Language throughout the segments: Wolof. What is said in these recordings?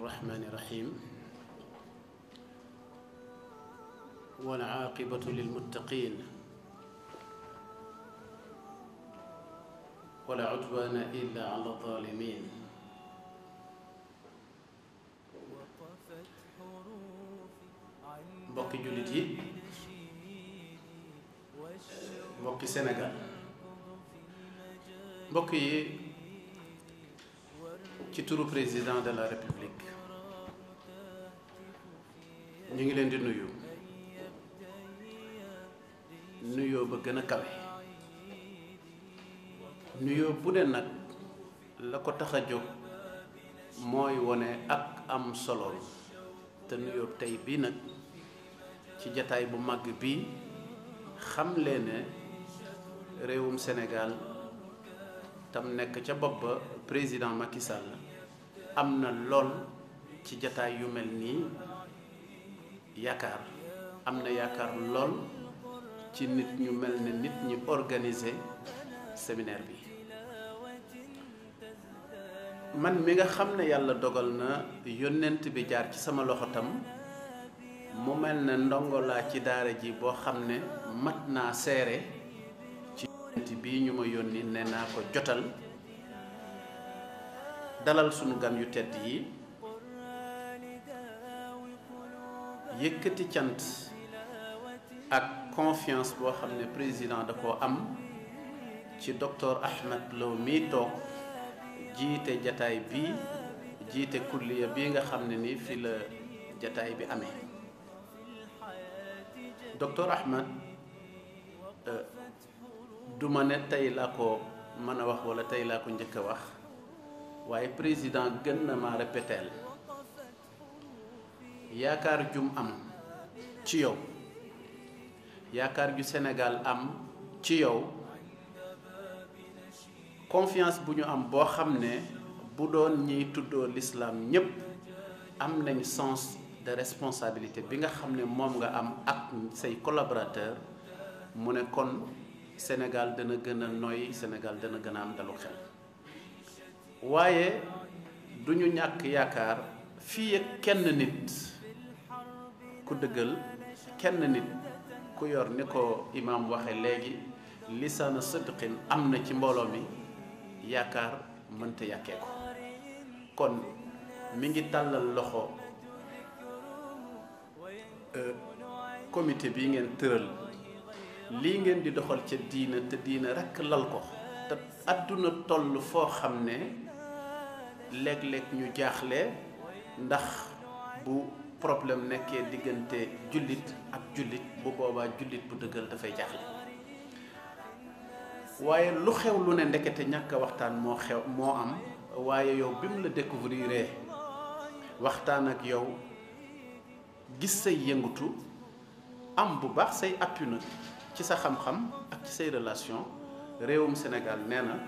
الرحمن الرحيم والعاقبة للمتقين ولا عدوان إلا على الظالمين بقي جلدي بقي سنغال بقي تيتو président de la République ñu ngi leen di nuyu nuyoo ba gën a kawe nuyoo bu ne nag la ko tax a jóg mooy wone ak am solo te nuyoo tey bii nag ci jataay bu mag bii xam leen ne réewum Sénégal tam nekk ca bopp ba président Macky Sall am na lool ci jataay yu mel nii yaakaar am na yaakaar lool ci nit ñu mel ne nit ñi organiser séminaire bi man mi nga xam ne yàlla dogal na yónnent bi jaar ci sama loxo tam mu mel na ndongo laa ci daara ji boo xam ne mat naa seere ci yónnent bii ñu ma yónni ne naa ko jotal dalal sunu gan yu tedd yi yëkkati cant ak confiance boo xam ne président da koo am ci docteur Ahmed Lo mii toog jiite jataay bii jiite kulliya bii nga xam ne ni fi la jataay bi amee docteur Ahmed du ma ne tey laa ko mën a wax wala tey laa ko njëkk a wax waaye président gën na ma répéteel yaakaar jum am ci yow yaakaar ju Sénégal am ci yow confiance bu ñu am boo xam ne bu doon ñiy tuddoo lislaam ñépp am nañ sens de responsabilité bi nga xam ne moom nga am ak say collaborateur mu ne kon Sénégal dana gën a noy Sénégal dana gën am dalu xel waaye du ñu ñàkk yaakaar fii ak kenn nit ku kenn nit ku yor ni ko imaam waxe léegi lisaana sidqin am na ci mbooloo mi yaakaar mënta yàkkee kon mi ngi tàllal loxo euh, comité bi ngeen tëral lii ngeen di doxal ca diina te diina rekk lal ko te àdduna toll foo xam ne léeg-léeg ñu jaaxle ndax bu problème nekkee diggante jullit ak jullit bu boobaa jullit bu dëggal dafay jaaxle waaye lu xew lu ne ndekete ñàkk waxtaan moo xew moo am waaye yow bi mu la découvrir waxtaan ak yow gis say yëngutu am bu baax say appui ci sa xam-xam ak ci say relation réewum Sénégal nee na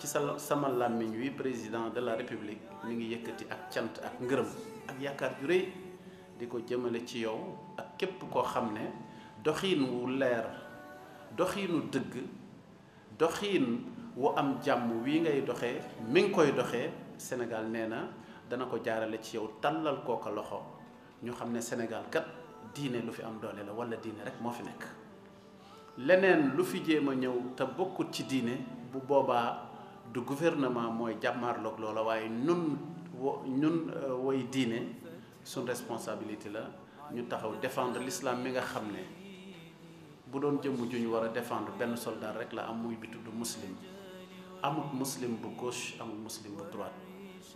ci sa sama làmmiñ wi président de la république mi ngi yëkkati ak cant ak ngërëm ak yaakaar ju rëy di ko jëmale ci yow ak képp koo xam ne doxiin wu leer doxiinu dëgg doxiin wu am jàmm wi ngay doxe mi ngi koy doxee senegal nee na dana ko jaarale ci yow tàllal kooka loxo ñu xam ne senegal kat diine lu fi am doole la wala diine rek moo fi nekk leneen lu fi jéem a ñëw te bokkut ci diine bu boobaa du gouvernement mooy jàmmaarloog loola waaye nun euh, woy diine sun responsabilité la ñu taxaw défendre l'islam mi nga xamné bu doon jëm ju ñu wara défendre ben soldat rek la am muy bi tuddu muslim amut muslim bu gauche muslim bu droite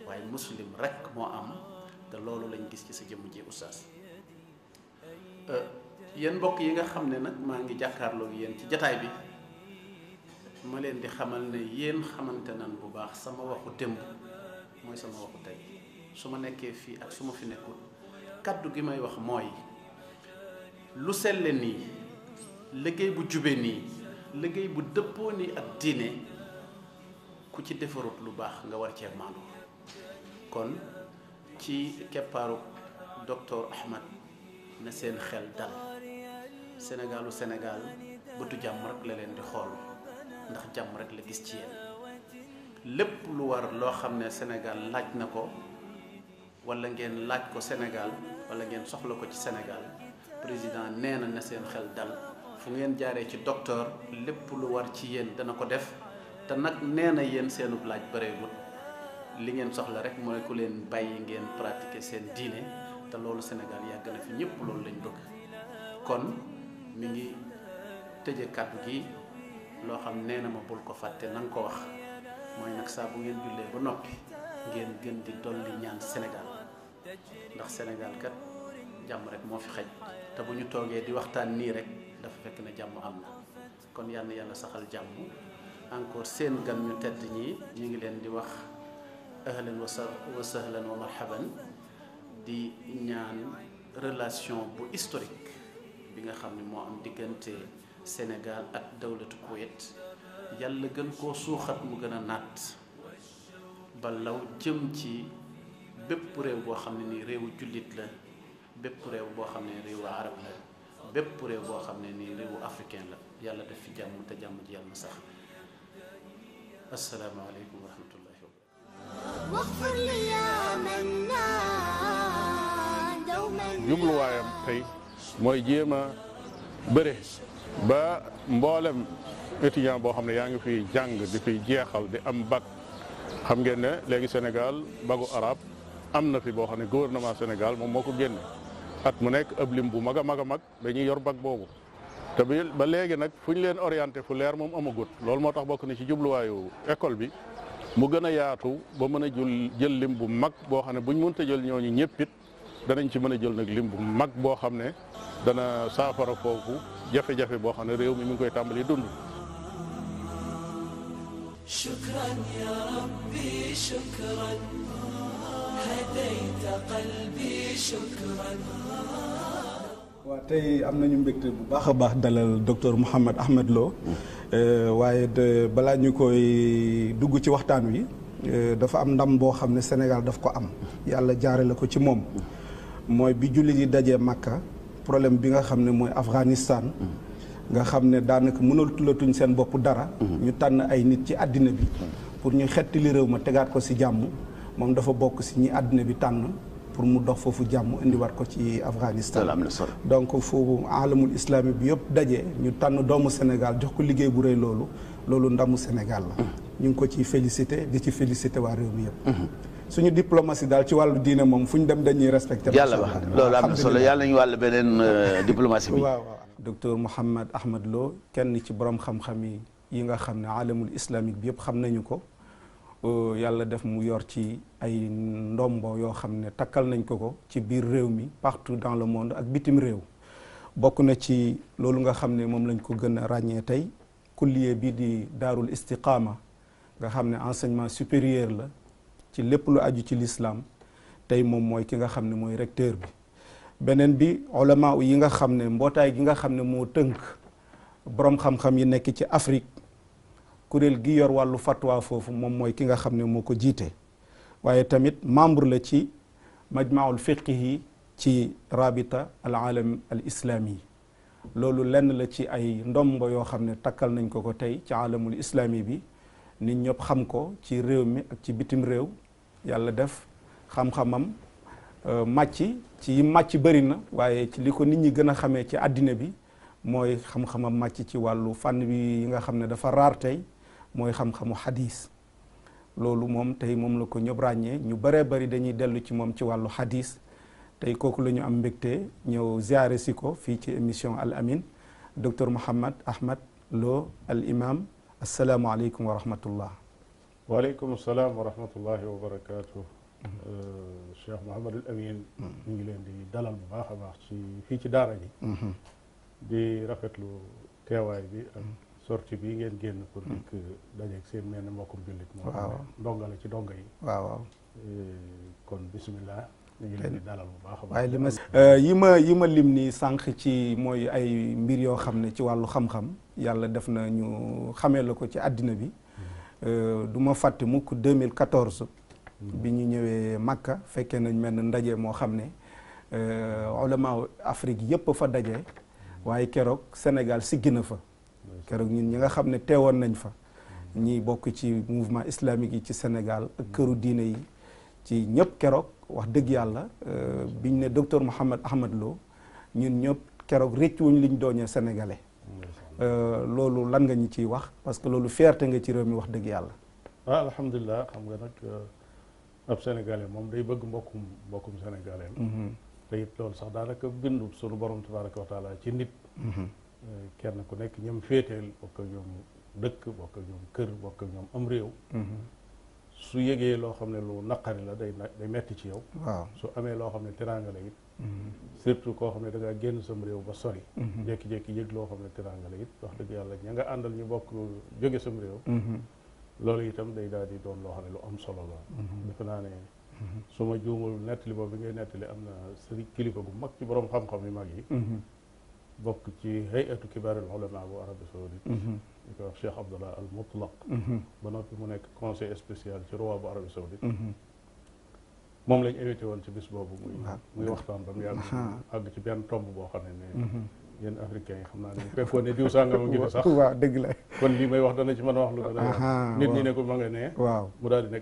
waye muslim rek mo am te loolu lañ gis ci sa jëm ji oustaz euh, yeen mbokk yi nga xamné nak ma maa jakarlo jàkkaarloo ci jotaay bi ma leen di xamal ne yeen bu baax sama waxu démb moy sama waxu tay su ma nekkee fii ak su ma fi nekkul kàddu gi may wax mooy lu selle nii liggéey bu jube nii liggéey bu dëppoo nii ak diine ku ci defarut lu baax nga war cee maandu kon ci keppaaru docteur Ahmad na seen xel dal Sénégalu Sénégal bëtu jàmm rek la leen di xool ndax jàmm rek la gis ci yéen lépp lu war loo xam ne Sénégal laaj na ko wala ngeen laaj ko senegal wala ngeen soxla ko ci senegal president neena na seen xel dal fu ngeen jaare ci docteur lepp lu war ci yeen dana ko def te nak neena yeen seenu laaj bare li ngeen soxla rek moy ku leen bàyyi ngeen pratiquer seen diine te lolu senegal yag na fi ñepp lolu lañ bëgg kon mi ngi teje kaddu gi lo xam neena ma bul ko fatte nang ko wax moy nak sa bu ngeen julle ba nopi ngeen gën di dolli ñaan Senegal ndax Sénégal kat jàmm rek moo fi xaj te bu ñu toogee di waxtaan nii rek dafa fekk ne jàmm am na kon yàlla yàlla saxal jàmm encore seen gan ñu tedd ñi ñu ngi leen di wax ahlan wa sahlan wa marhaban di ñaan relation bu historique bi nga xam ne moo am diggante Sénégal ak dawlatu Kuwait yàlla gën koo suuxat mu gën a naat jëm ci bépp réew boo xam ne nii réewu jullit la bépp réew boo xam ne réewu arab boo xam ne nii réewu africain la yàlla def fi jàmm te jàmm ji yàlla sax asalaamaaleykum wa rahmatullahi wa barakatuh jubluwaayam tey mooy jéem a bëre ba mboolem étudiant boo xam ne yaa ngi fiy jàng di fiy jeexal di am bac xam ngeen ne léegi Sénégal bagu arab am na fi boo xam ne gouvernement Sénégal moom moo ko génne at mu nekk ab lim bu mag a mag a mag dañuy yor bag boobu te bi ba léegi nag fu ñu leen orienté fu leer moom amagut loolu moo tax bokk na ci jubluwaayu école bi mu gën a yaatu boo mën a jul jël lim bu mag boo xam ne buñ mënta jël ñooñu ñëpp it danañ ci mën a jël nag lim bu mag boo xam ne dana saafara foofu jafe-jafe boo xam ne réew mi mi ngi koy tàmbali dund. هديت قلبي شكرا waaw tey am nañu mbégte bu baax a baax dalal docteur Mouhamed Ahmed Lo euh, waaye balaa ñu koy dugg ci waxtaan wi euh, dafa am ndam boo xam ne Sénégal daf ko am yàlla jaare la ko ci moom mooy bi jullit yi dajee Makka problème bi nga xam ne mooy Afghanistan nga xam ne daanaka mënatulatuñ seen bopp dara mm-hmm. ñu tànn ay nit ci àddina bi mm-hmm. pour ñu xettali réew ma tegaat ko si jàmm moom dafa bokk si ñi àddina bi tànn pour mu dox foofu jàmm indiwaat ko ci Afghanistan donc foofu alamul islami bi yëpp daje ñu tànn doomu Sénégal jox ko liggéey bu rëy loolu loolu ndamu Sénégal la mm-hmm. ñu ngi ko ci félicité di ci félicité waa réew mi yëpp mm-hmm. suñu diplomatie daal ci wàllu diine moom fu ñu dem dañuy respecté yàlla wax loolu am solo yàlla ñu wàll beneen euh, diplomatie bi waaw waaw docteur Mouhammad Ahmad Lo kenn ci borom xam yi yi nga xam ne alamul islamique bi yëpp xam nañu ko euh, yàlla def mu yor ci ay ndombo yoo xam ne takkal nañ ko ko ci biir réew mi partout dans le monde ak bitim réew bokk na ci loolu nga xam ne moom lañ ko gën a ràññee tey kulliye bi di daarul istiqaama nga xam ne enseignement supérieur la ci lépp lu aju ci lislaam tey moom mooy ki nga xam ne mooy recteur bi beneen bi ulama yi nga xam ne mbootaay gi nga xam ne moo tënk boroom xam-xam yi nekk ci Afrique kuréel gi yor wàllu fatwa foofu moom mooy ki nga xam ne moo ko jiite waye tamit membre la ci majmaul fiqhi ci rabita al alam al islami lolou len la ci ay ndombo yoo xam ne takkal nañ ko ko tay ci alamul islami bi nit ñop xam ko ci rew mi ak ci bitim rew yàlla def xam-xamam màcc ci yi màcc bari na waye ci liko nit ñi gëna xamé ci adina bi moy xam-xamam màcc ci walu fan bi yi nga xamne dafa rar tay moy xam-xamu hadith loolu mom tay mom la ko ñëpp ràññee ñu bare bare dañuy delu ci mom ci walu hadis tay koku lañu am mbekté ñëw ziare si ko ci émission Al amin docteur mohammed Ahmad Lo al imam alaykum wa rahmatullah alaykum assalam wa rahmatullah wa euh Cheikh al Amin. ñu ngi leen di dalal bu baaxa baax ci fi ci daara ji. di rafetlu téway bi ak. sortie bi ngeen génn pour hmm. dikk dajeeg seen mel mbokkum jullit moom ndonga la ci ndonga yi waaw waaw eh, kon bismillah ñu waaye li ma eh, yi ma yi ma lim ni sànq ci mooy ay mbir yoo xam ne ci wàllu xam-xam yàlla def na ñu xamee la ko ci àddina bi hmm. eh, du ma fàtte mukk 2014 hmm. bi ñu ñëwee Makka fekkee nañ mel ndaje moo xam ne ulama Afrique yëpp fa daje waaye keroog Sénégal siggi na fa keroog ñun ñi nga xam ne teewoon nañ fa ñi bokk ci mouvement islamique yi ci senegal ak këru diine yi ci ñëpp keroog wax dëgg yàlla euh, biñ ne docteur Mouhamed Ahmed Lo ñun ñëpp keroog rëcc wuñ liñ dooñee sénégalais euh, loolu lan nga ñu ciy wax parce que loolu fierté nga ci réew mi wax dëgg yàlla ah alhamdulilah xam nga nag euh, ab sénégalais moom day bëgg mbokkum mbokkum sénégalais mm-hmm. te it loolu sax daanaka bindu sunu borom tabaraka wa ci nit mm-hmm. kenn ku nekk ñoom féeteel bokk ak ñoom dëkk bokk ak ñoom kër bokk ak ñoom am réew mhm. su yëgee loo xam ne lu naqari la day day metti ci yow waaw su amee loo xam ne teraanga la it mhm. surtout koo xam ne da génn sam réew ba sori mhm. jékki-jékki yëg loo xam ne teraanga la it wax dëgg yàlla ña nga àndal ñu bokk jóge sam réew loolu itam day daal di doon loo xam ne lu am solo la defe naa ne su ma juumul nettali boobu bi ngay nettali am na sëriñ kilifa gu mag ci borom xam-xam yu mag yi بوك تي هيئه كبار العلماء بالعرب السعودي الشيخ عبد الله المطلق بنا في هناك كونسي سبيسيال تي رواب العرب السعودي موم لاج ايفيتي وون تي بيس بوبو مي وقتان بام يال اك تي بيان تومب بو خاني yéen africain yi xam naa dañ koy fóon ne a waaw dëgg la kon lii may wax dana ci wax lu dana nit ko ma nga ne waaw mu daal di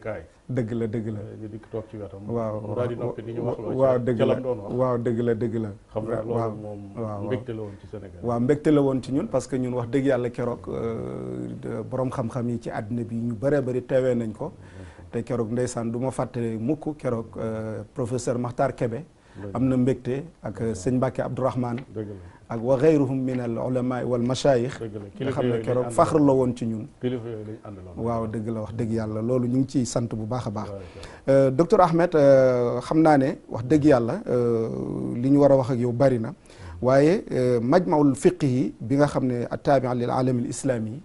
dëgg la dëgg la ñu dikk ci wetam waaw mu daal ñu wax waaw dëgg la doon waaw dëgg la dëgg la xam naa loolu moom waaw mbégte la woon ci Sénégal waaw mbégte la woon ci ñun parce que ñun wax dëgg yàlla keroog euh, boroom xam-xam yi ci àddina bi ñu bëree bëri teewee nañ ko te keroog ndeysaan du ma fàttale mukk keroog euh, professeur maxtar Kébé am na mbégte ak euh, sëñ Mbacke Abdourahmane وغيرهم من العلماء والمشايخ فخر الله وانت واو دق الله دق يالا لولو نيجي سنت بو باخ دكتور احمد خمنا نه واخ دق يالا لي ني ورا واخ اك يو مجمع الفقه بيغا خمنه التابع للعالم الاسلامي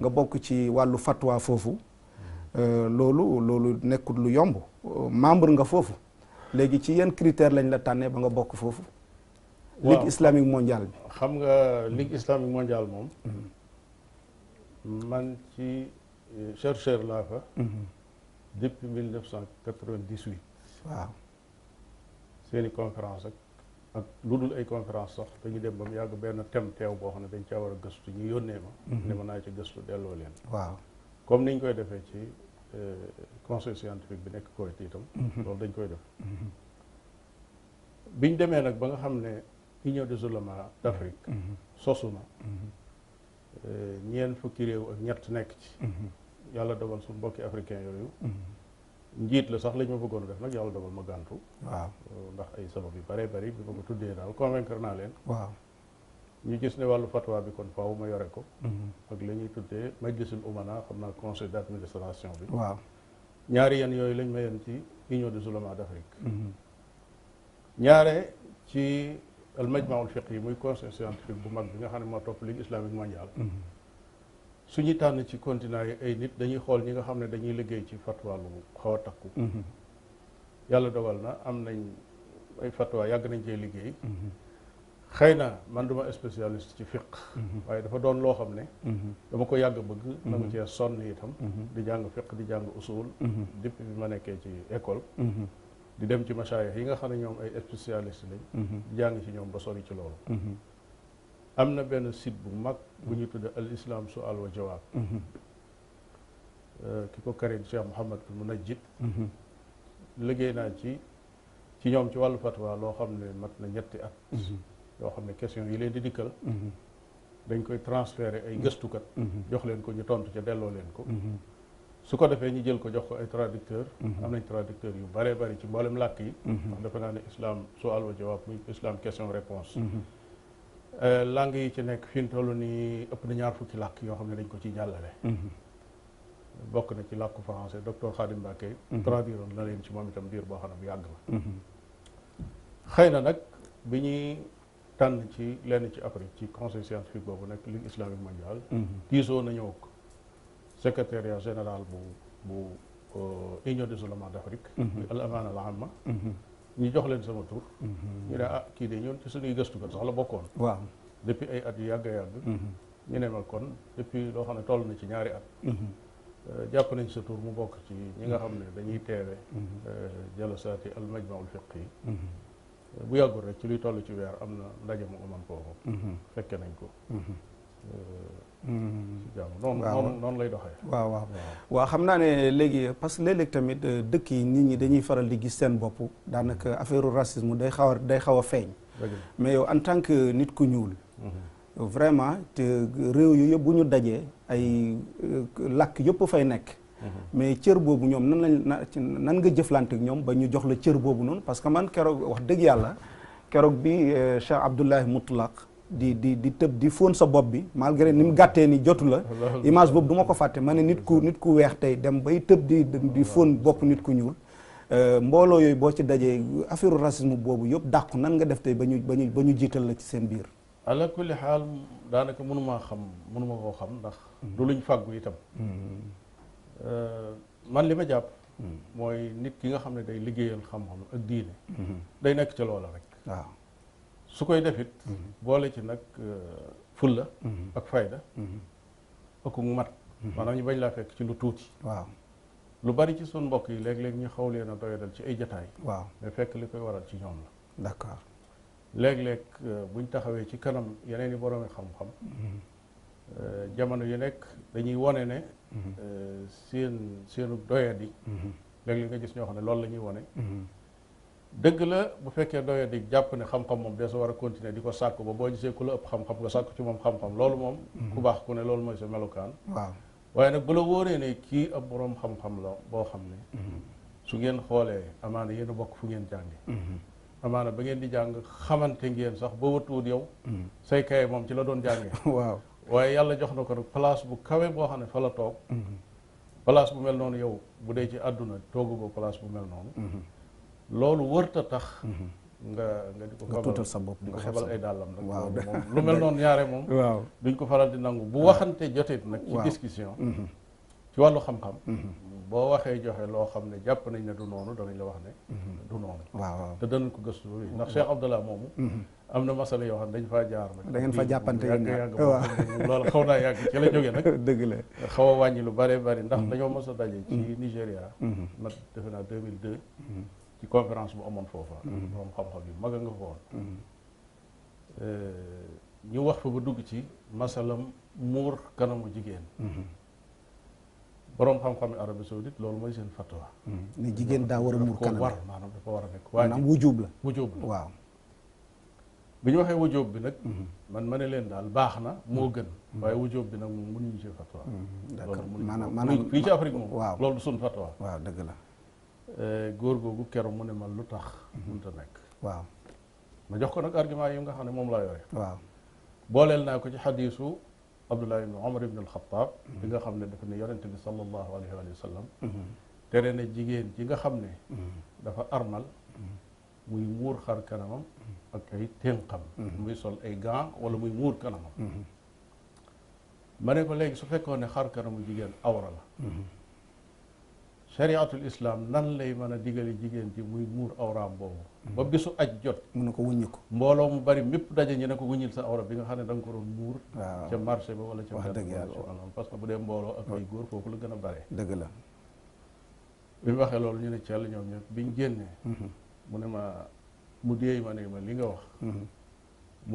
nga bok ci walu euh, euh, euh, fatwa fofu lolu lolu nekut lu yomb membre nga fofu legi ci yeen critère lañ la tanne ba nga ligue islamique mondial bi. xam nga ligue islamique mondial moom. man ci euh, chercheur laa fa. Mhm. depuis mille neuf cent quatre-vingt-dix-huit. waaw. seeni conférence ak lu dul ay conférence sax ñu dem ba mu yàgg benn tem teew boo xam ne dañ caa war a gëstu ñu yónnee ma. Mhm. ne ma naa ci gëstu delloo leen. waaw comme niñ koy defee ci euh, conseil scientifique bi nekk Koweït itam. Mhm. loolu dañ koy def. biñ demee nag ba nga xam ne. Union des oulémas mm-hmm. d'Afrique mm-hmm. sosu na mm-hmm. eh, ñeent fukki réew ñett nekk ci yàlla dogal suñu mbokki africain yooyu njiit la sax lañ bëggoon def nag yàlla dogal ma gàntu waaw eh, ndax ay sabab yu bare bari bi tuddee daal convaincre naa leen waaw ñu gis ne wàllu fatwa bi kon faaw ma yore ko ak la ñuy tuddee majlisul umana xam naa conseil d' administration bi waaw ñaari yan yooyu lañ ma yen ci Union des oulémas d'Afrique ñaare ci al majmaul fiq yi muy conseil scientifique bu mag bi nga xam ne moo topp ligue islamique mondiale mm-hmm. su ñu tànn ci continent yi ay nit dañuy xool ñi nga xam ne dañuy liggéey ci fatwa lu xaw a takku mm-hmm. yàlla dogal na am nañ ay fatwa yàgg nañ cee liggéey mm-hmm. xëy na man duma spécialiste ci fiq waaye dafa doon loo xam ne dama ko yàgg bëgg dama ee sonn itam di jàng fiq di jàng usul depuis bi ma nekkee ci école di dem ci machaayix yi nga xam ne ñoom ay spécialiste lañ di mhm. jàng ci ñoom ba sori ci loolu mhm. am na benn site bu mag bu ñu tudd al islam su al wa jawaab mhm. euh, ki ko karin cheikh mouhamad munajjid liggéey naa ci ci ñoom ci wàllu fatwa loo xam ne mat na ñetti at yoo xam ne question yi leen di dikkal dañ koy transférer ay gëstukat jox leen ko ñu tontu ca delloo leen ko su ko defee ñu jël ko jox ko ay traducteur mhm. am nañ traducteur yu bëree bëri ci mboolem làkk yi mhm. ndax defe naa ne islam su'aal wa jawaab muy islam question réponse mhm. euh, langue yi ci nekk fi mu toll nii ëpp na ñaar fukki làkk yoo xam ne dañ ko ci jàllale bokk na ci làkku français docteur Khadim Mbacké traduire na leen ci moom itam diir boo xam ne bu yàgg la xëy na nag bi ñuy tànn ci lenn ci Afrique ci conseil scientifique boobu nag ligue islamique mondiale diisoo secrétariat général bu bu euh, union des oulémas d'Afrique mm-hmm. al amaana al amma mm-hmm. ñu jox leen sama tur mm-hmm. ñu ne ah kii de ñoon ci suñuy gëstukat sax la bokkoon waaw depuis ay at yu yàgg yàgg ñu ne ma kon depuis loo xam ne toll na ci ñaari at euh, jàpp nañ sa tur mu bokk ci ñi nga xam ne dañuy teewe euh, jalasaati al majmaul fiqhi bu yàggul rek ci luy toll ci weer am na ndaje mu amoon foofu fekke nañ ko noonu noonu lay doxee. waaw waaw waaw xam naa ne léegi parce que léeg tamit euh, dëkk yi nit ñi dañuy faral di gis seen bopp daanaka mm-hmm. affaire racisme day xaw day xaw a feeñ. mais yow en tant que nit ku ñuul. Mm-hmm. vraiment te réew yu yëpp ñu dajee ay euh, làkk yëpp fay nekk. Mm-hmm. mais cër boobu ñoom nan lañ nan nga jëflante ak ñoom ba ñu jox la cër boobu noonu parce que man keroog wax dëgg yàlla keroog bi euh, Cheikh Abdoulahi Mutlaq di di di tëb di fóon sa bopp bi malgré ni mu gàttee ni jotu la image boobu duma ko fàtte ma ne nit ku nit ku weex tey dem bay tëb di di fóon bopp nit ku ñuul euh, mbooloo yooyu boo ci dajee affaire racisme boobu yëpp dàqu nan nga def tey ba ñu ba ñu ba ñu jiital la ci seen biir ala kulli xaal daanaka mënumaa xam mënuma koo xam ndax du luñ fàggu itam mm-hmm. euh, man li ma jàpp mooy nit ki nga xam ne day liggéeyal xam-xam ak diine mm-hmm. day nekk ci loola rek su koy defit boole ci nag euh, fulla mhm. ak fayda ak mhm. mat mhm. maanaam ñu bañ laa fekk ci lu tuuti waaw lu bari ci suñ mbokk yi léeg-léeg ñu xaw leen a doyadal ci ay jataay waaw mais fekk li koy waral ci ñoom la d'accord léeg-léeg euh, buñ taxawee ci kanam yeneen i boroomi xam-xam euh, jamono yu nekk dañuy wone ne seen seenu doyadi léeg-léeg nga gis ñoo xam ne loolu la ñuy wone dëgg la bu fekkee doyoo di jàpp ne xam-xam moom dee sa war a continuer di ko sàkk ba boo gisee ku la ëpp xam-xam nga sàkku ci moom xam-xam loolu moom mhm. ku baax ku ne loolu mooy sa melukaan waaw waaye nag bu la wóoree ne kii ab boroom xam-xam la boo xam ne mhm. su ngeen xoolee amaana yéen a bokk fu ngeen jànge mhm. amaana ba ngeen di jàng xamante ngeen sax ba wëtuwut yow say kaye moom ci la doon jànge waaw waaye yàlla jox na ko nag place bu kawe boo xam ne fa la toog place bu mel noonu yow bu dee ci àdduna toogu ba place bu mel noonu loolu wërta tax mhm. nga nga di ko tuutal sa bopp di ko xebal ay dàllam nag waaw lu mel noonu ñaare moom duñ ko faral di nangu bu waxante jotee nag ci discussion mhm. ci wàllu xam-xam mhm. boo waxee joxe loo xam ne jàpp nañ ne du noonu danañ la wax ne du noonu waaw te danañ ko gëstu ndax Cheikh Abdallah moomu am na masala yoo xam ne dañ faa jaar nag da ngeen fa jàppante yàgg yàgg loolu xaw naa yàgg ci la jógee nag dëgg la xaw wàññi lu bare bari ndax dañoo mos a daje ci naa 2002 ci conférence bu amoon foofa. Mm-hmm. borom xam-xam yu mag a nga fa mm-hmm. euh, ñu wax fa ba dugg ci masalam muur kanamu jigéen. Mm-hmm. borom xam-xam yi Arabie Saoudite loolu mooy seen fatwa. ne jigéen daa war a muur kanam war maanaam dafa war a nekk. maanaam wujub la wujub la waaw. bi ñu waxee wujub bi nag. man ma ne leen daal baax na moo gën. waaye wujub bi nag moom mënuñu ci fatwa. d'accord maanaam maanaam fii ci Afrique moom. waaw loolu suñ fatwa. waaw dëgg la. Euh, góor googu keroog mu ne ma lu tax. mënut a nekk. waaw ma jox ko nag argument yi nga xam ne moom laa yore. waaw booleel naa ko ci xadiisu Abdullah ibn Omar ibn al-Khattab. bi nga xam ne dafa ne yonente bi sallallahu alayhi wa sallam. tere na jigéen ji nga xam ne. dafa armal. muy muur xar kanamam. ak ay muy sol ay gants wala muy muur kanamam. Mhm. ma ne ko léegi su fekkoon ne xar kanamu jigéen awra syariatul islam nan lay mën digali jigen jigéen muy mur awraam bo ba mm. bisu aj jot mun ko wunni ko mbolo mu bari mepp dajje ñene ko wunni sa awra bi nga xane dang ko ron mur ci marché ba wala ci wax deug yàlla parce que bu dem mbolo ak ay goor fofu lu gëna bari deug la bi waxe lolou ñu ne cell ñom ñëpp biñu génnee mm-hmm. mu ne ma mu déey ma ne ma li nga wax moy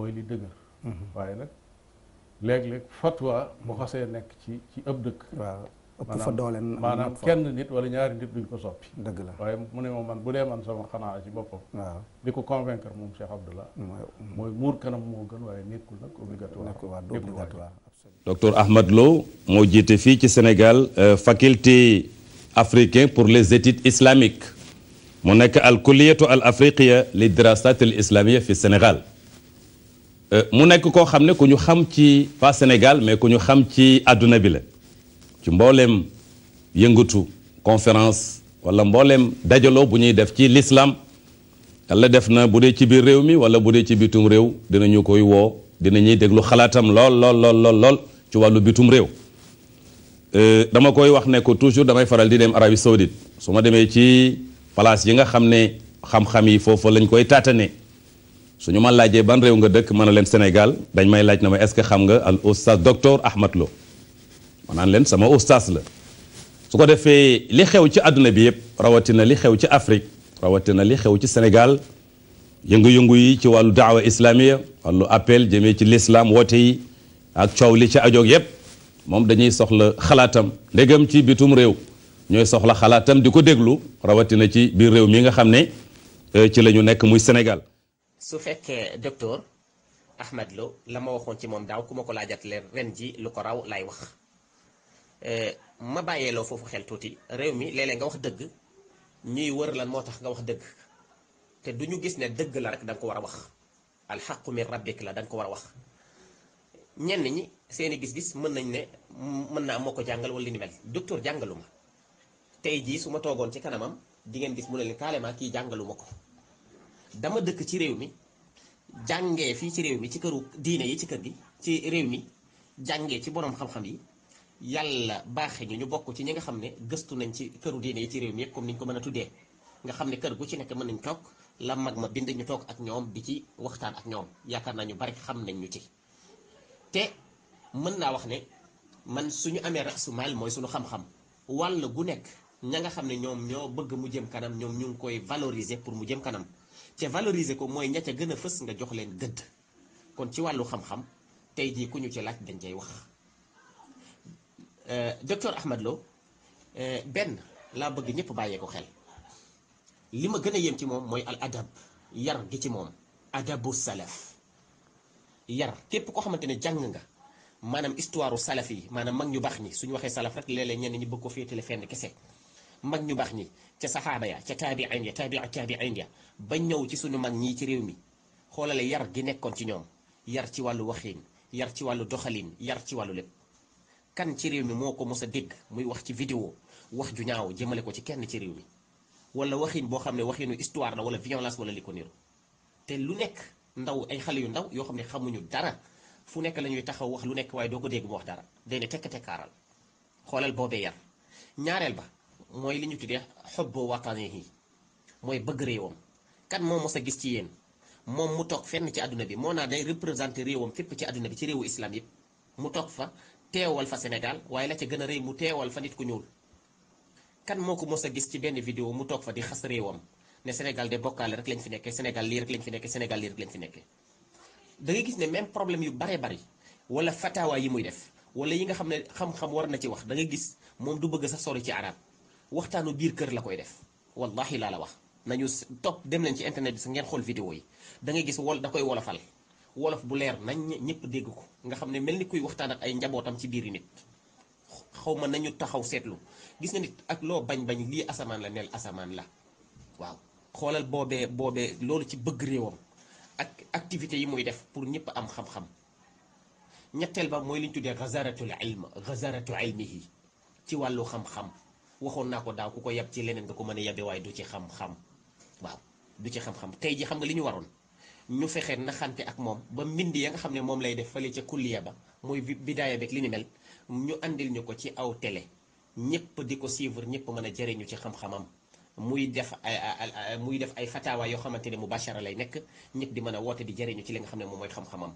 mm-hmm. li dëgër mm-hmm. waye nak leg leg fatwa bu xasse nek ci ci ëb deuk ëpp fa doole maanaam la waaye mu ne moom man bu moo gën waaye nekkul nag obligatoire obligatoire docteur Ahmad Lo moo jiite fii ci Sénégal euh, faculté africain pour les études islamiques mu nekk al kulliyatu al afriqiya li dirasat al islamiyya fi Sénégal euh, mu nekk ko xam ne ku ñu xam ci fa Sénégal mais ku ñu xam ci àdduna bi la ci mbooleem yëngatu conférence wala mbooleem dajaloo bu ñuy def ci lislaam yàlla def na bu dee ci biir réew mi wala bu dee ci biitum réew dinañu koy woo dina ñuy déglu xalaatam lool lool lool ci wàllu bitum réew euh, dama koy wax ne toujours damay faral di dem Arabie Saoudite su ma demee ci place yi nga xam ne xam-xam yi foofu lañ koy taatanee suñu ma laajee ban réew nga dëkk mën a leen Sénégal dañ may laaj na ma est que xam nga al oustaz docteur Ahmad Lo ma leen sama ustaas la su ko defee li xew ci àdduna bi yëpp rawatina li xew ci Afrique rawatina li xew ci Sénégal yëngu-yëngu yi ci wàllu daawa islamiya wàllu appel jëmee ci lislaam woote yi ak coow li ci ajoog yëpp moom dañuy soxla xalaatam ndegam ci bitum réew ñooy soxla xalaatam di ko déglu rawatina ci biir réew mi nga xam ne euh, ci lañu nekk muy Sénégal. su fekkee docteur Ahmed Lo la ma waxoon ci moom daaw ku ma ko laajat leen ren ji lu ko raw lay wax. Eh, ma bàyyeeloo foofu xel tuuti réew mi léeg nga wax dëgg ñuy wër lan moo tax nga wax dëgg te du ñu gis ne dëgg la rek da ko war a wax alxaqu min rabbik la danga ko war a wax ñenn ñi seeni gis-gis mën nañ ne mën naa moo ko jàngal wala li ni mel docteur jàngalu ma tey jii su ma toogoon ci kanamam di ngeen gis mu ne leen carrément kii jàngalu ma ko dama dëkk ci réew mi jàngee fii ci réew mi ci këru diine yi ci kër gi ci réew mi jàngee ci boroom xam-xam yi yàlla baaxe ñu ñu bokk ci ñi nga xam ne gëstu nañ ci këru diine yi ci réew mi yëpp comme niñ ko mën a tuddee nga xam ne kër gu ci nekk mën nañ toog la mag ma bind ñu toog ak ñoom bi ci waxtaan ak ñoom yaakaar naa ñu bari xam nañ ñu ci te mën naa wax ne man suñu amee rasumaal mooy suñu xam-xam wàll gu nekk ña nga xam ne ñoom ñoo bëgg mu jëm kanam ñoom ñu koy valoriser pour mu jëm kanam te valoriser ko mooy ña ca gën a fës nga jox leen gëdd kon ci wàllu xam-xam tey jii ku ñu ci laaj dañ cay wax docteur Ahmed Lo ben laa bëgg ñëpp bàyyee ko xel li ma gën ci moom mooy al adab yar gi ci moom adabu salaf yar képp koo xamante ne jàng nga maanaam histoire salaf yi maanaam mag ñu baax ñi suñu waxee salaf rek léeg-léeg ñenn ñi bëgg ko féetale fenn kese mag ñu baax ñi ca saxaaba ya ca taabiin ya taabi taabiin ya ba ñëw ci suñu mag ñii ci réew mi xoolale yar gi nekkoon ci ñoom yar ci wàllu waxiin yar ci wàllu doxalin yar ci wàllu lépp kan ci réew mi moko ko mos dégg muy wax ci vidéo wax ju ñaaw jëmele ko ci kenn ci réew mi wala waxin bo xamne waxinu histoire da wala violence wala liko ko niru te lu nekk ndaw ay xale yu ndaw yo xamne xamuñu dara fu nekk lañuy taxaw wax lu nekk way do ko dégg mu wax dara day ne tekk karal xolal bobé yar ñaarel ba moy liñu ñu hubbu watanihi moy bëgg réewam kan mo mos gis ci yéen mom mu tok fenn ci aduna bi mo na day représenter réewam fep ci aduna bi ci réewu islam yëpp mu tok fa teewal fa Sénégal waaye la ca gën a rëy mu teewal fa nit ko ñuul kan moo ko mos a gis ci benn vidéo mu toog fa di xas réewam ne Sénégal de bokkaale rek lañ fi nekkee Sénégal lii rek lañ fi nekkee Sénégal lii fi nekkee da gis ne même problème yu baree bari wala fatawa yi muy def wala yi nga xam ne xam-xam war na ci wax da ngay gis moom du bëgg sa sori ci arab waxtaanu biir kër la koy def wallahi laa la wax nañu topp dem leen ci internet bi sax ngeen xool vidéo yi da gis wol da koy wolofal wolof bu leer nañ ñëpp dégg ko nga xam ne mel ni kuy waxtaan ak ay njabootam ci biir nit xaw ma nañu taxaw seetlu gis na nit ak loo bañ bañ lii asamaan la nel asamaan la waaw xoolal boobee boobee loolu ci bëgg réewam ak activité yi muy def pour ñëpp am xam-xam ñetteel ba mooy li ñu tuddee gazaratul ilm gazaratu ilmihi ci wàllu xam-xam waxoon naa ko daaw ku ko yab ci leneen nga ko mën a yabe waaye du ci xam-xam waaw du ci xam-xam tey ji xam nga li ñu waroon ñu fexee naxante ak moom ba mbind ya nga xam ne moom lay def fale ca kulliya ba muy bidaaya beeg li ni mel ñu andil ñu ko ci aw tele ñëpp di ko suivre ñëpp mën a jëriñu ci xam-xamam muy def ay muy def ay fataawa yoo xamante ne mubashara lay nekk ñëpp di mën a woote di jëriñu ci li nga xam ne moom mooy xam-xamam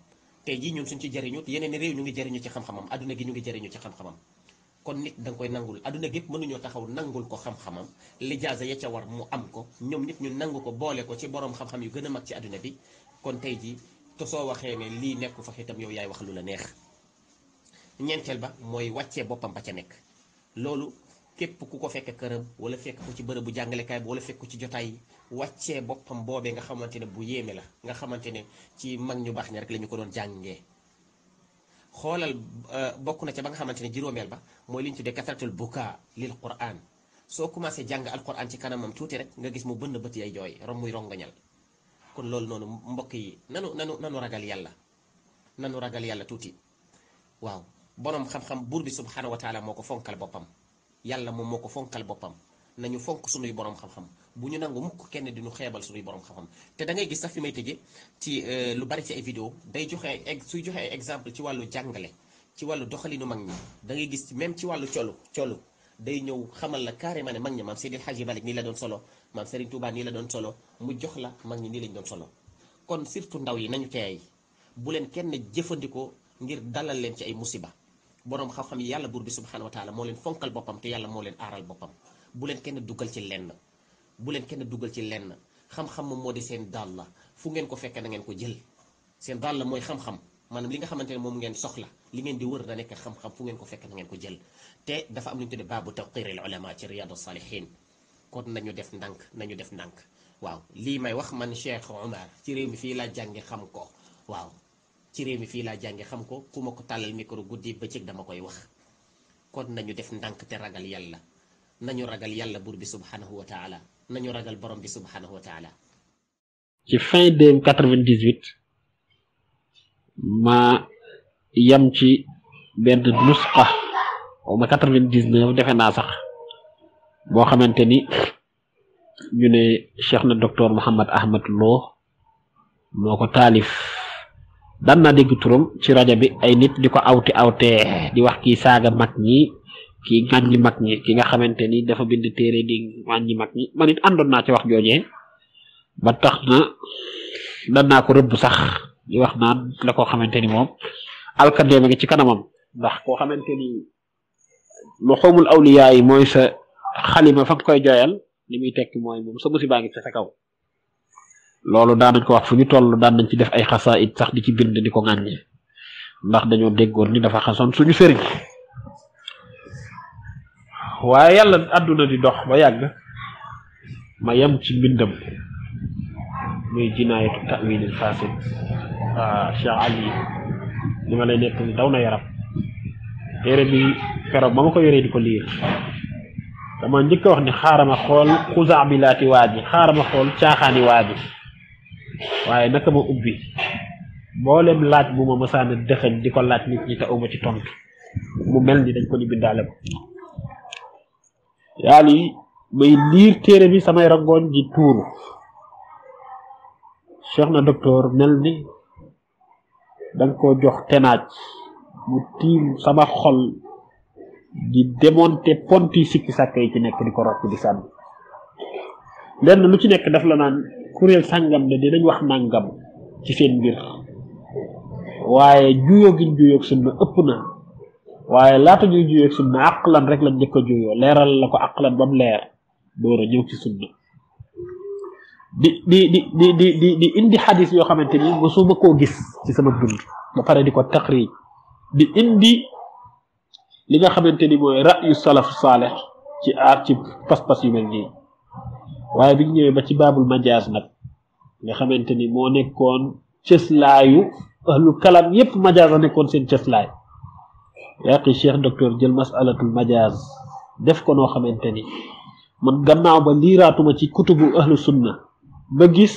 tey jii ñun suñ ci jëriñut yeneen réew ñu ngi jëriñu ci xam-xamam adduna gi ñu ngi jëriñu ci xam-xamam kon nit da nga koy nangul adduna gépp mënuñoo taxaw nangul ko xam-xamam lijaasa ya ca war mu am ko ñoom nit ñu nangu ko boole ko ci boroom xam-xam yu gën a mag ci adduna bi kon tey ji te soo waxee ne lii nekk fa itam yow yaay wax lu la neex ñenteel ba mooy wàccee boppam ba ca nekk loolu képp ku ko fekk këram wala fekk ko ci bërëb bu jàngalekaay bi wala fekk ko ci jotaay yi wàccee boppam boobee nga xamante ne bu yéeme la nga xamante ne ci mag ñu baax ñi rek lañu ko doon jàngee xoolal euh, bokk na ca ba nga xamante ne juróomeel ba mooy li ñu tuddee kasaratul buka lil quran soo commencé jàng al alquran ci kanamam tuuti rek nga gis mu bënn bët yay jooy rom muy rongañal kon lol nonu mbok yi nanu nanu nanu ragal yàlla nanu ragal yàlla tuti waw borom xam-xam bur bi subhanahu wa taala moko fonkal bopam yàlla mom moko fonkal bopam nañu fonk sunuy borom xam-xam buñu nangu mukk kenn di ñu xeebal sunuy borom xam-xam te da ngay gis sax fi may tejé ci lu bari ci ay vidéo day joxe ex suy joxe exemple ci walu jàngale ci walu doxalinu mag ñi da ngay gis même ci walu ciolu ciolu day ñëw xamal la carrément ne mag ñi maam Seydil hajji malik ni la doon solo maam Serigne Touba nii la doon solo mu jox la mag ñi nii lañ doon solo kon surtout ndaw yi nañu teey bu leen kenn jëfandikoo ngir dalal leen ci ay musiba boroom xam-xam yi yàlla buur bi subhanahu wa taala moo leen fonkal boppam te yàlla moo leen aaral boppam bu leen kenn dugal ci lenn bu leen kenn dugal ci lenn xam-xam moom moo di seen dàll la fu ngeen ko fekkee na ngeen ko jël seen dàll la mooy xam-xam maanaam li nga xamante ne moom ngeen soxla li ngeen di wër na nekk xam-xam fu ngeen ko fekk na ngeen ko jël te dafa am lu ñu tuddee baabu kon nañu def ndànk nañu def ndànk waaw li may wax man Cheikh Omar ci rew mi fi la jàngé xam ko waaw ci rew mi fi la jàngé xam ko kuma ko talal micro guddi beccik dama koy wax kon nañu def ndànk te ragal yàlla nañu ragal yàlla bur bi subhanahu wa taala nañu ragal borom bi subhanahu wa taala ci fin de 98 ma yam ci benn nusqa xaw ma 99 defena sax boo xamante ni ñu ne cheikh na docteur Mouhammad Ahmad Lo moo ko taalif daan na dégg turam ci rajo bi ay nit di ko awti awtee di wax kii saaga mag ñi kii ŋàññi mag ñi ki nga xamante ni dafa bind téere di ŋàññi mag ñi man it àndoon naa ci wax joojee ba tax na daan naa ko rëbb sax di wax naan la koo xamante ni moom alkandee ma ci kanamam ndax koo xamante ni lu xawmul awliyaa mooy sa xalima fa koy jooyal li muy tekki mooy moom sa musiba ngi ca sa kaw loolu daan nañ ko wax fu ñu toll daan nañ ci def ay xasaayid sax di ci bind di ko ŋàññee ndax dañoo déggoon ni dafa xasoon suñu sëriñ waaye yàlla àdduna di dox ba yàgg ma yam ci mbindam muy jinaayatu tawilil fasid ah Cheikh Ali li ma lay nekk daw na yaram téere bi keroog ba ma ko yoree di ko liir sama njëkk wax ni ma xool xusa bi laati waa ji ma xool caaxaani waa waaye naka ma ubbi mboolem laaj bu ma masaana dëxëñ di ko laaj nit ñi te uma ci tontu mu mel ni dañ ko ni bindaale ko yàlla may liir téere bi samay rangoon ji tuuru cheikh na docteur mel ni danga ko jox tenaaj mu tiim sama xol di démonté ponti sikki sakay ci nek di ko rocc di sànni lenn lu ci nek daf la nan kurel sangam de dinañ wax nangam ci seen bir waye juyo gi juyo sunna ëpp na waaye laata ñuy juyoog sunna aqlan rek lañ jikko juyo leral la ko aqlan bam leer doora ñew ci sunna di di di di di di indi hadis yo xamanteni ni mosuma koo gis ci sama dund ba pare di ko taqrij di indi li nga xamanteni moy ra'yu salaf salih ci ar ci pas pas yu mel ni waye bi ñëwé ba ci babul majaz nak nga xamanteni mo nekkon cieslaayu ahlu kalam yépp majaz nekkon seen cieslaay yaqi cheikh docteur jël mas'alatul majaz def ko no xamanteni man gannaaw ba liratuma ci kutubu ahlu sunna ba gis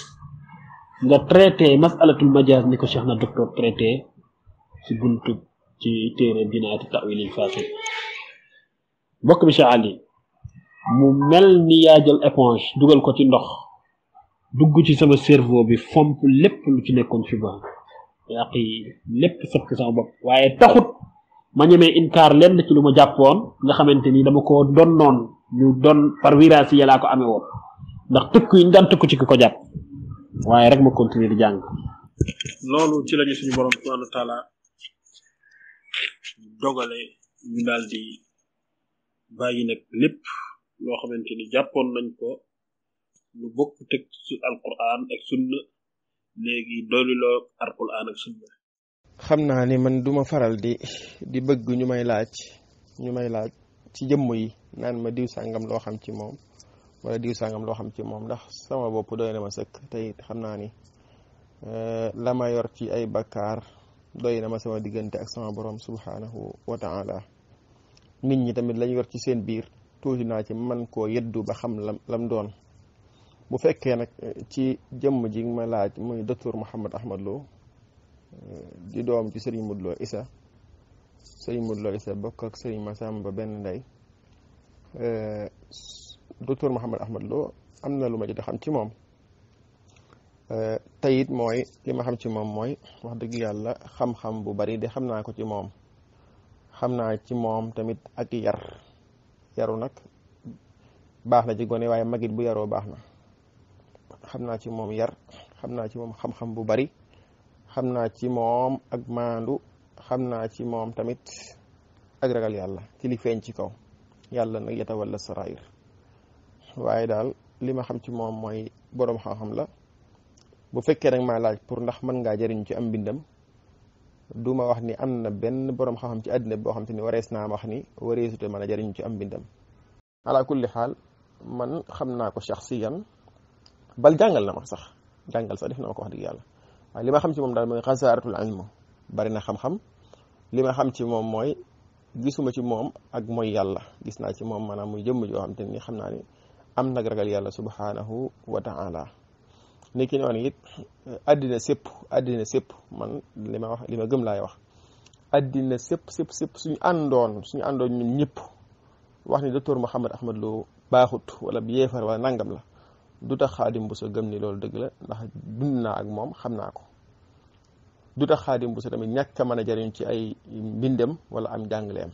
nga traité mas'alatul majaz ni ko cheikh na docteur traité ci buntu ci téere binaatu tawil fasil mbokk bi cheikh ali mu mel ni yaa jël éponge dugal ko ci ndox dugg ci sama cerveau bi fomp lépp lu ci nekkoon fi ba yaqi lépp sëkk sama bopp waaye taxut ma ñemee inkaar lenn ci lu ma jàppoon nga xamante ni dama ko don noon ñu don par virage yàllaa ko amee woon ndax tëkk yi daan tëkku ci ko jàpp waaye rek ma continuer di jàng loolu ci lañu suñu borom subhanahu wa ta'ala dogale ñu daal di bàyyi nag lépp loo xamante jàppoon nañ ko lu bokk teg su alquran ak sunna léegi doyluloo alquran ak sunna xam naa ni man duma faral di di bëgg ñu may laaj ñu may laaj ci jëmm yi naan ma diw sàngam loo xam ci moom wala loo xam ci moom ndax sama bopp doy na ma sëkk te xam naa ni euh, la ma yor ci ay bakkaar doy ma sama diggante ak sama borom subhanahu wa taala nit ñi tamit lañu yor ci seen biir tuuti naa ci man koo yeddu ba xam lam lam doon bu fekkee nag eh, ci jëmm ji ma laaj muy docteur Mouhamed Ahmad Lo eh, di doom ci Serigne Modou Lo Issa Serigne bokk ak Serigne Massamba benn ndey eh, docteur Mouhamed Ahmad Lo am na lu ma jot xam ci moom tayit moy, lima li ma xam ci mom moy wax deug yalla xam-xam bu bari de xamna ko ci mom xamna ci mom tamit ak yar yaru nak baax na ci gone waye magit bu yaro na ci mom yar xamna ci mom xam-xam bu bari xamna ci mom ak mandu xamna ci mom tamit ak ragal yalla ci li feñ ci kaw nak yata wala sarair waye dal li ma xam ci mom moy borom xam-xam la bu fekkee nag maa laaj pour ndax man ngaa jëriñu ci am mbindam du ma wax ni am na benn boroom xam-xam ci àddina boo xam te ni warees naa wax ni wareesute mën a jëriñu ci am mbindam ala kulli man xam naa ko shaxsiyan bal jàngal na ma sax jàngal sax def na ma ko wax dëgg yàlla waaye li ma xam ci moom daal mooy xasaaratul ilmu bari na xam li ma xam ci moom mooy gisuma ci moom ak mooy yàlla gis naa ci moom maanaam muy jëmm joo xam te ni xam naa ni am nag ragal yàlla subhanahu wa ta'ala ni ki noonu it àddina sépp àddina sépp man li ma wax li ma gëm laay wax àddina sépp sépp sépp suñu àndoon suñu àndoon ñun ñëpp wax ni docteur Mouhamed Ahmad Lo baaxut wala yeefar wala nangam la du tax xaadim bu sa gëm ni loolu dëgg la ndax dund naa ak moom xam naa ko du tax xaadim bu sa tamit ñàkk a mën a jariñ ci ay mbindam wala am jàngaleem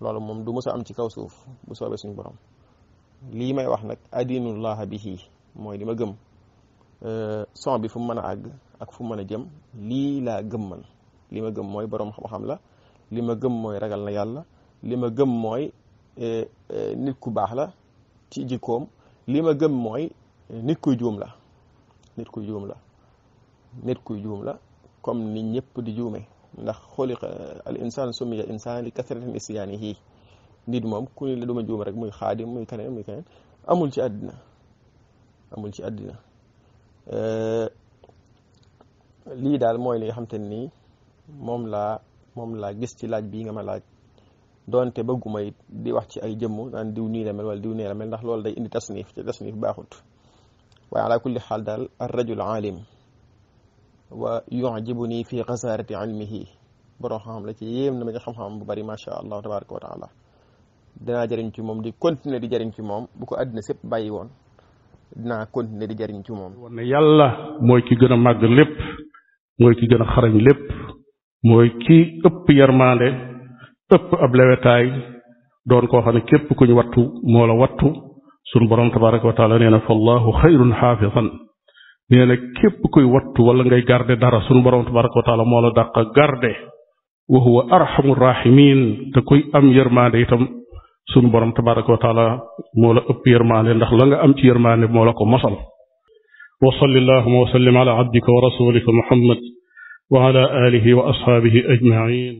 loolu moom du mës am ci kaw suuf bu soobee suñu borom lii may wax nag addinullaha bihi mooy li ma gëm Euh, son bi fu mu mën a àgg ak fu mu mën a jëm lii laa gëm man li ma gëm mooy boroom xam-xam la li ma gëm mooy ragal na yàlla li ma gëm mooy euh, euh, nit ku baax la ci jikkoom li ma gëm mooy nit kuy juum la nit kuy juum la nit kuy juum la comme ni ñëpp di juume ndax xuliqa al insaan summiya insaan li kasratin isyaanihi nit moom ku ne la duma juum rek muy xaadim muy keneen amul ci àddina amul ci àddina Euh, lii daal mooy li nga xam te nii moom laa moom laa gis ci laaj bii nga ma laaj doonte bëgguma it di wax ci ay jëmm naan diw nii la mel wala diw nii la mel ndax loolu day indi tasnif te tasnif baaxut waaye ala kulli xaal daal ar rajul aalim wa yujibu nii fi xasaarati ilmihi borom xam-xam la ci yéem na ma ci xam-xam bu bari macha allah tabaraka wa taala dinaa jëriñ ci moom di continuer di jëriñ ci moom bu ko àddina sépp bàyyi woon dinaa continuer di jariñ ci moom. wane yàlla mooy ki gën a màgg lépp mooy ki gën a xarañ lépp mooy ki ëpp yermande ëpp ab lewetaay doon koo xam ne képp ku ñu wattu moo la wattu sunu borom tabaraka wa taala nee na fa allahu xayrun xaafisan nee képp kuy wattu wala ngay garde dara sunu borom tabaraka wa taala moo la dàq garde wa huwa arxamu te kuy am yermande itam. sunu borom tabaraka wa taala moo la ëpp yërmaane ndax la nga am ci yërmaane moo la ko mosal wa salli allahuma wa sallim ala abdika wa rasulika muhammad wa ala alihi wa ashabihi ajmain